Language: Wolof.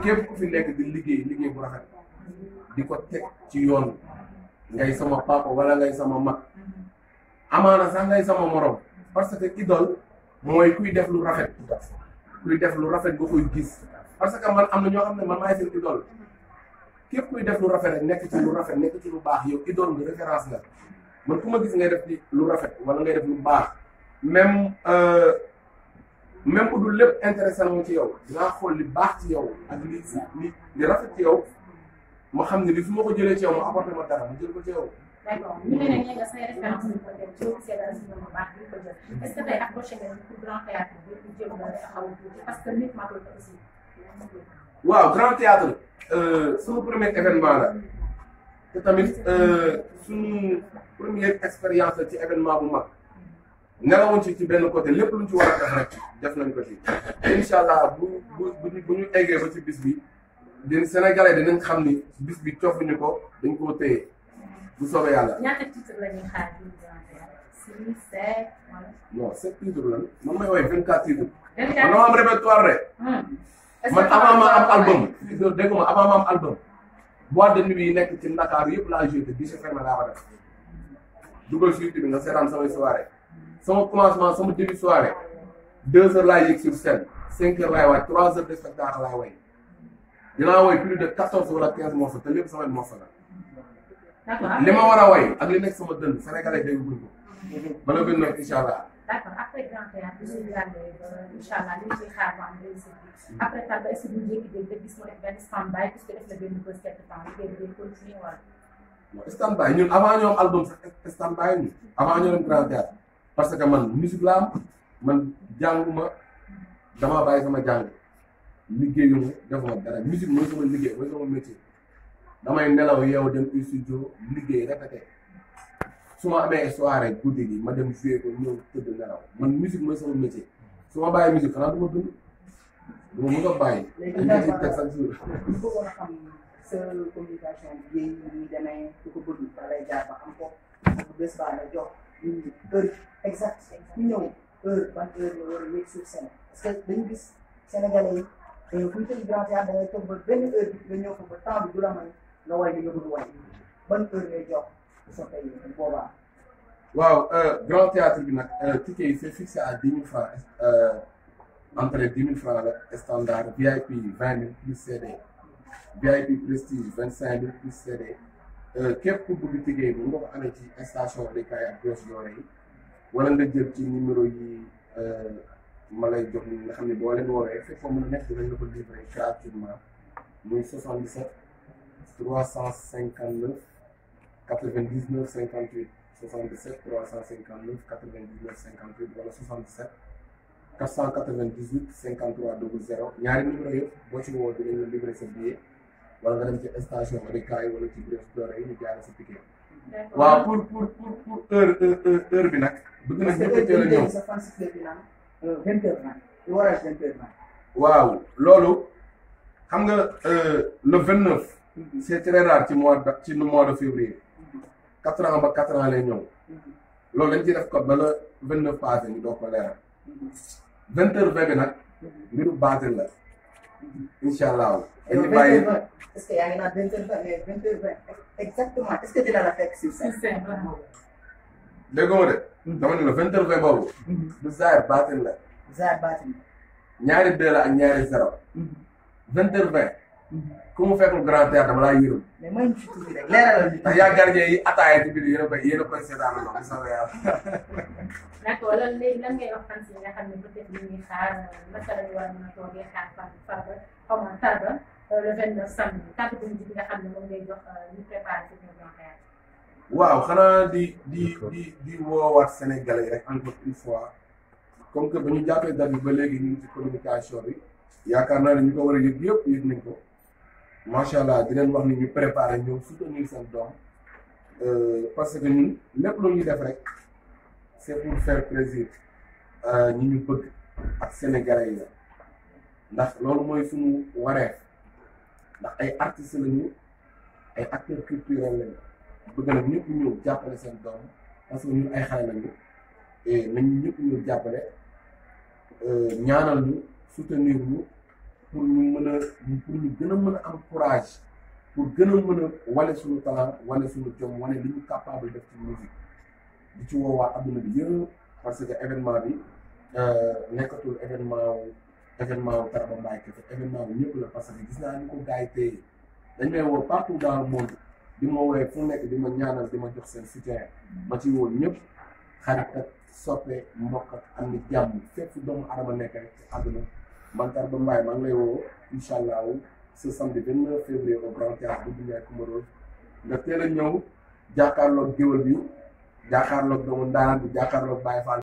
képp ku fi nekk di liggéey liggéey bu rafet di ko teg ci yoon ngay sama papa wala ngay sama mag amaana sax ngay sama morom parce que idole mooy kuy def lu rafet kuy def lu rafet nga koy gis parce que man am na ñoo xam ne man maay seen idole képp kuy def lu rafet nekk ci lu rafet nekk ci lu baax yow idole nga référence la man ku ma gis ngay def ci lu rafet wala ngay def lu baax même euh, même bu dul lépp intéressé moo ci yow dinaa xool li baax ci yow ak li ci yow ma xam ne li fu ma ko jëlee ci yow ma jël ko ci yow. d'accord ñu mm-hmm. grand théâtre bi a xaw a tuuti parce que nit maa euh, événement la te tamit euh, suñu première expérience la ci événement bu mag. nelawuñ ci ci benn côté lépp luñ ci war a def rek def nañ ko ci incha allah bu bu bu ñu eggee ba ci bis bi di Sénégalais dinañ xam ni bis bi cofuñu ko dañ koo téye bu soobee yàlla. ñaata titre la ñuy xaar six sept non sept titre lan man may woowee vingt quatre titre. vingt quatre am répertoire rek. Hmm. man avant ma am album. dégg ma ma am album. boîte de nuit yi nekk ci Ndakaaru yëpp la joué te bii si fermé laa ko def dugal si YouTube nga seetaan samay sama commencement sama début soirée deux heures laay yëg sur scène cinq heures laay waaj trois heures de spectacle laay way dinaa way plus de quatorze wala quinze morceaux te lépp samay morceaux la li ma war a way ak li nekk sama dënd sénégalais dégg buñ ko ba la gën nag incha allah d'accord après grand théâtre euh, ñu ngi laajee incha allah ñu ngi ciy xaar ba am réussite bi après tal ba est-ce que bu njëkk bi nga gis mu def benn stand-by puisque def na benn bës quelque temps liggéey bi day continuer wala. stand-by ñun avant ñoom album sax stand-by ñu avant ñoo dem grand théâtre parce que man musique laa am man jànguma damaa bàyyi sama jàng liggéeyuma defuma dara musique mooy sama liggéey mooy sama métier damay nelaw yeewu dem studio liggéey répété su ma amee soirée guddi gi ma dem jouer ko ñëw tëdd nelaw man musique mooy sama métier su ma bàyyi musique xanaa du ma dund du ma mën a bàyyi. léegi ko bëgg da lay jaar ba am ko bu bés baa la jox. heure exact ñu ñëw heure ban heure la a yéeg suuf seen parce que dañu gis sénégalais yi kuy tëj grand théâtre da ngay toog ba benn heure bi nga ñëw ko ba temps bi la may nga way bi nga dul way ban heure bi nag eh, ticket yi c'est fixé à dix mille francs eh, entrée dix mille standard VIP vingt plus CD VIP prestige vingt cinq mille Euh, képp ku bëgg liggéey bi nga ko amee ci station Bécaye ak Grosse Dorée yi wala nga jël ci numéro yi euh, ma lay jox ni nga xam ne boo leen woowee fekk foo mën a nekk dinañ la ko livrer gratuitement muy 77 359 99 58 77 359 99 58 wala 77 498 53 00 ñaari numéro yëpp boo ci woo dinañ la livrer sa billet. wala nga ci station Malika yi wala ci biir fleur yi ñu jaay la sa waaw pour pour pour pour heure bi nag. bëgg a teel waaw loolu xam nga eh, le vingt neuf. c'est très ci moo de ci mois de février. quatre ans ba quatre ans lay ñëw. loolu dañ ci def code ba le vingt neuf passé ñu doog ko leeral. vingt heures base la. incha allah. dañu bàyyi est-ce que yaa ngi naan vingt heures vingt mais vingt heures vingt exactement est-ce que dina la fekk sur scène. dégg nga de. dama ne la vingt heures vingt boobu. du zaar baatin la. zaar baatin la. ñaari deux la ak ñaari zéro. vingt heures vingt. ku mu fekkul grand théâtre balaa yërëm. yaa gardien yi ataaya ci biir yéen a koy yéen a koy nga xam ne moom ngay jox waaw xanaa di di di di woowaat Sénégalais yi rek encore une fois comme que ba ñu jàppee date bi ba léegi ñu ngi ci communication bi yaakaar naa ne ñu ko war a yëg yëpp yëg ko. macha allah di leen wax ni ñu préparé ñoom soutenir seen doom euh, parce que ñun lépp lu ñu def rek c'est pour faire plaisir euh, ñi ñu bëgg ak sénégalais ndax loolu mooy suñu wareef ndax ay artistes lañu ay acteurs culturel lañu bëgg nag ñëpp ñëw jàppale seen doom parce que ñun ay xale lañu et nañu ñëpp ñëw jàppale euh, ñaanal ñu soutenir ñu. pour ñu mën a pour ñu gën a mën a am courage pour gën a mën a wane suñu talent wane suñu jom wane li ñu capable def ci musique di ci woowaa adduna bi yëpp parce que événement bi euh, nekkatul événement wu événement wu Tarba Mbaye kese événement ñëpp la parce que gis naa ñu ko gars yi dañ may woo partout dans le bi ma woowee fu nekk di ma ñaanal di ma jox seen soutien ma ci woon ñëpp xarit ak soppe mbokk ak am ni jàmm fépp doomu adama nekk rek ci àdduna man Tarba Mbaye maa ngi lay woo incha allah ce samedi 29 février au Grand Théâtre bu Ndiaye Coumba nga teel a ñëw jàkkaarloog géwél bi jàkkaarloog doomu ndaanaan bi jàkkaarloog Baye Fall